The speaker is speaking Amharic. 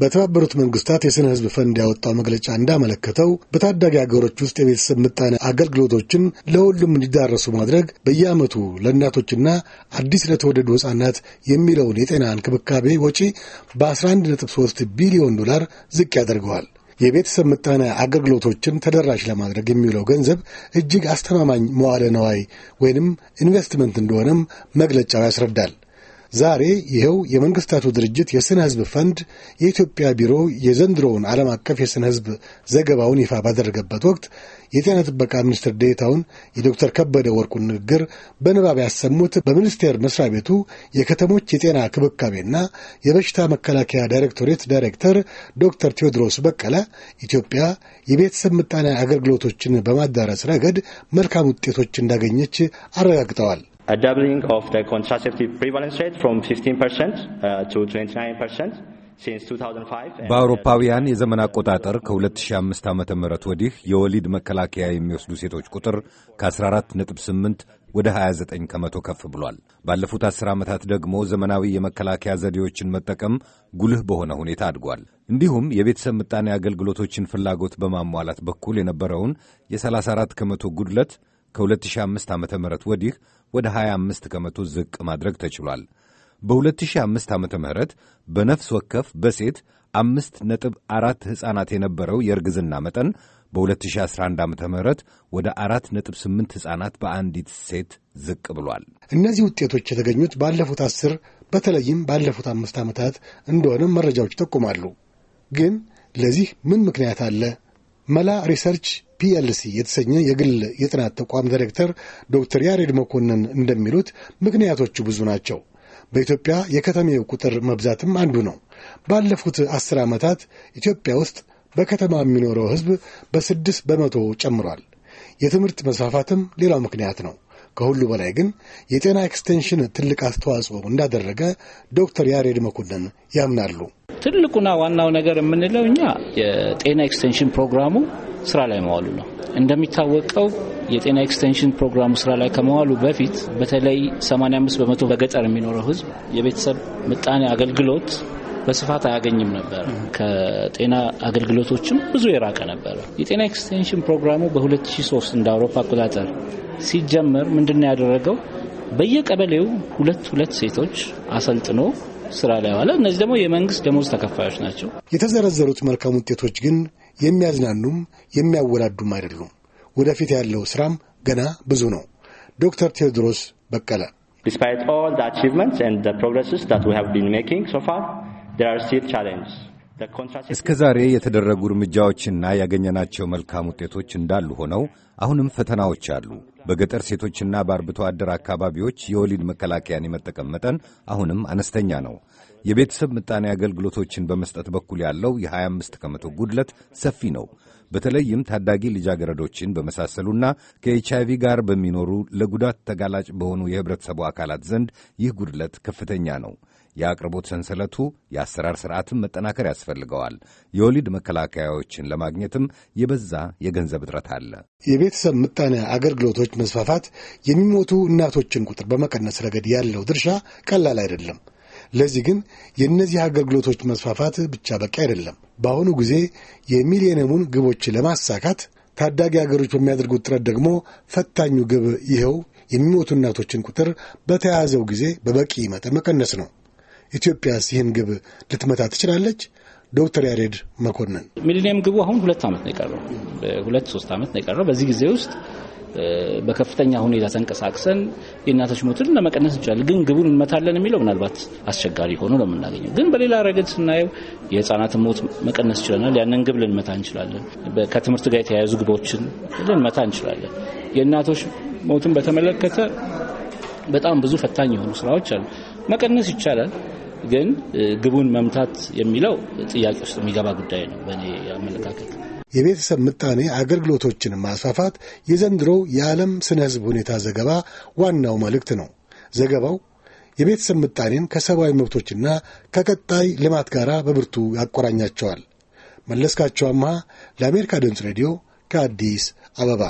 በተባበሩት መንግስታት የሥነ ሕዝብ ፈንድ ያወጣው መግለጫ እንዳመለከተው በታዳጊ አገሮች ውስጥ የቤተሰብ ምጣኔ አገልግሎቶችን ለሁሉም እንዲዳረሱ ማድረግ በየዓመቱ ለእናቶችና አዲስ ለተወደዱ ሕፃናት የሚለውን የጤና እንክብካቤ ወጪ በ11.3 ቢሊዮን ዶላር ዝቅ ያደርገዋል። የቤተሰብ ምጣኔ አገልግሎቶችን ተደራሽ ለማድረግ የሚውለው ገንዘብ እጅግ አስተማማኝ መዋለ ነዋይ ወይንም ኢንቨስትመንት እንደሆነም መግለጫው ያስረዳል። ዛሬ ይኸው የመንግስታቱ ድርጅት የስነ ህዝብ ፈንድ የኢትዮጵያ ቢሮ የዘንድሮውን ዓለም አቀፍ የስነ ህዝብ ዘገባውን ይፋ ባደረገበት ወቅት የጤና ጥበቃ ሚኒስትር ዴታውን የዶክተር ከበደ ወርቁን ንግግር በንባብ ያሰሙት በሚኒስቴር መስሪያ ቤቱ የከተሞች የጤና ክብካቤና የበሽታ መከላከያ ዳይሬክቶሬት ዳይሬክተር ዶክተር ቴዎድሮስ በቀለ ኢትዮጵያ የቤተሰብ ምጣኔ አገልግሎቶችን በማዳረስ ረገድ መልካም ውጤቶች እንዳገኘች አረጋግጠዋል። a doubling of the contraceptive prevalence rate from 15% uh, to 29%. በአውሮፓውያን የዘመን አቆጣጠር ከ2005 ዓ ም ወዲህ የወሊድ መከላከያ የሚወስዱ ሴቶች ቁጥር ከ14.8 ወደ 29 ከመቶ ከፍ ብሏል። ባለፉት 10 ዓመታት ደግሞ ዘመናዊ የመከላከያ ዘዴዎችን መጠቀም ጉልህ በሆነ ሁኔታ አድጓል። እንዲሁም የቤተሰብ ምጣኔ አገልግሎቶችን ፍላጎት በማሟላት በኩል የነበረውን የ34 ከመቶ ጉድለት ከ2005 ዓ ም ወዲህ ወደ 25 ከመቶ ዝቅ ማድረግ ተችሏል። በ2005 ዓ ም በነፍስ ወከፍ በሴት አምስት ነጥብ አራት ሕፃናት የነበረው የእርግዝና መጠን በ2011 ዓ ም ወደ አራት ነጥብ ስምንት ሕፃናት በአንዲት ሴት ዝቅ ብሏል። እነዚህ ውጤቶች የተገኙት ባለፉት አስር በተለይም ባለፉት አምስት ዓመታት እንደሆነም መረጃዎች ይጠቁማሉ። ግን ለዚህ ምን ምክንያት አለ? መላ ሪሰርች ፒኤልሲ የተሰኘ የግል የጥናት ተቋም ዳይሬክተር ዶክተር ያሬድ መኮንን እንደሚሉት ምክንያቶቹ ብዙ ናቸው። በኢትዮጵያ የከተሜው ቁጥር መብዛትም አንዱ ነው። ባለፉት አስር ዓመታት ኢትዮጵያ ውስጥ በከተማ የሚኖረው ሕዝብ በስድስት በመቶ ጨምሯል። የትምህርት መስፋፋትም ሌላው ምክንያት ነው። ከሁሉ በላይ ግን የጤና ኤክስቴንሽን ትልቅ አስተዋጽኦ እንዳደረገ ዶክተር ያሬድ መኮንን ያምናሉ። ትልቁና ዋናው ነገር የምንለው እኛ የጤና ኤክስቴንሽን ፕሮግራሙ ስራ ላይ መዋሉ ነው። እንደሚታወቀው የጤና ኤክስቴንሽን ፕሮግራሙ ስራ ላይ ከመዋሉ በፊት በተለይ 85 በመቶ በገጠር የሚኖረው ህዝብ የቤተሰብ ምጣኔ አገልግሎት በስፋት አያገኝም ነበር። ከጤና አገልግሎቶችም ብዙ የራቀ ነበረ። የጤና ኤክስቴንሽን ፕሮግራሙ በ2003 እንደ አውሮፓ አቆጣጠር ሲጀመር ምንድነው ያደረገው? በየቀበሌው ሁለት ሁለት ሴቶች አሰልጥኖ ስራ ላይ ዋለ። እነዚህ ደግሞ የመንግስት ደሞዝ ተከፋዮች ናቸው። የተዘረዘሩት መልካም ውጤቶች ግን የሚያዝናኑም የሚያወላዱም አይደሉም። ወደፊት ያለው ስራም ገና ብዙ ነው። ዶክተር ቴዎድሮስ በቀለ Despite all the achievements and the progresses that we have been making so far, እስከ ዛሬ የተደረጉ እርምጃዎችና ያገኘናቸው መልካም ውጤቶች እንዳሉ ሆነው አሁንም ፈተናዎች አሉ። በገጠር ሴቶችና በአርብቶ አደር አካባቢዎች የወሊድ መከላከያን የመጠቀም መጠን አሁንም አነስተኛ ነው። የቤተሰብ ምጣኔ አገልግሎቶችን በመስጠት በኩል ያለው የ25 ከመቶ ጉድለት ሰፊ ነው። በተለይም ታዳጊ ልጃገረዶችን በመሳሰሉና ከኤችአይቪ ጋር በሚኖሩ ለጉዳት ተጋላጭ በሆኑ የህብረተሰቡ አካላት ዘንድ ይህ ጉድለት ከፍተኛ ነው። የአቅርቦት ሰንሰለቱ የአሰራር ስርዓትም መጠናከር ያስፈልገዋል። የወሊድ መከላከያዎችን ለማግኘትም የበዛ የገንዘብ እጥረት አለ። የቤተሰብ ምጣኔ አገልግሎቶች መስፋፋት የሚሞቱ እናቶችን ቁጥር በመቀነስ ረገድ ያለው ድርሻ ቀላል አይደለም። ለዚህ ግን የእነዚህ አገልግሎቶች መስፋፋት ብቻ በቂ አይደለም። በአሁኑ ጊዜ የሚሊኒየሙን ግቦች ለማሳካት ታዳጊ ሀገሮች በሚያደርጉት ጥረት ደግሞ ፈታኙ ግብ ይኸው የሚሞቱ እናቶችን ቁጥር በተያያዘው ጊዜ በበቂ መጠን መቀነስ ነው። ኢትዮጵያስ ይህን ግብ ልትመታ ትችላለች? ዶክተር ያሬድ መኮንን ሚሊኒየም ግቡ አሁን ሁለት ዓመት ነው የቀረው፣ ሁለት ሶስት ዓመት ነው የቀረው። በዚህ ጊዜ ውስጥ በከፍተኛ ሁኔታ ተንቀሳቅሰን የእናቶች ሞትን ለመቀነስ እንችላለን። ግን ግቡን እንመታለን የሚለው ምናልባት አስቸጋሪ ሆኖ ነው የምናገኘው። ግን በሌላ ረገድ ስናየው የህፃናትን ሞት መቀነስ ይችለናል። ያንን ግብ ልንመታ እንችላለን። ከትምህርት ጋር የተያያዙ ግቦችን ልንመታ እንችላለን። የእናቶች ሞትን በተመለከተ በጣም ብዙ ፈታኝ የሆኑ ስራዎች አሉ። መቀነስ ይቻላል፣ ግን ግቡን መምታት የሚለው ጥያቄ ውስጥ የሚገባ ጉዳይ ነው በእኔ አመለካከት። የቤተሰብ ምጣኔ አገልግሎቶችን ማስፋፋት የዘንድሮው የዓለም ስነ ህዝብ ሁኔታ ዘገባ ዋናው መልእክት ነው። ዘገባው የቤተሰብ ምጣኔን ከሰብአዊ መብቶችና ከቀጣይ ልማት ጋር በብርቱ ያቆራኛቸዋል። መለስካቸው አምሃ ለአሜሪካ ድምፅ ሬዲዮ ከአዲስ አበባ